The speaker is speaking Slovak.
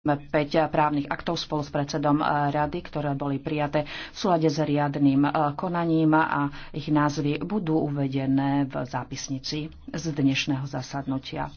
5 právnych aktov spolu s predsedom eh, rady, ktoré boli prijaté v súlade s riadným eh, konaním a ich názvy budú uvedené v zápisnici z dnešného zasadnutia.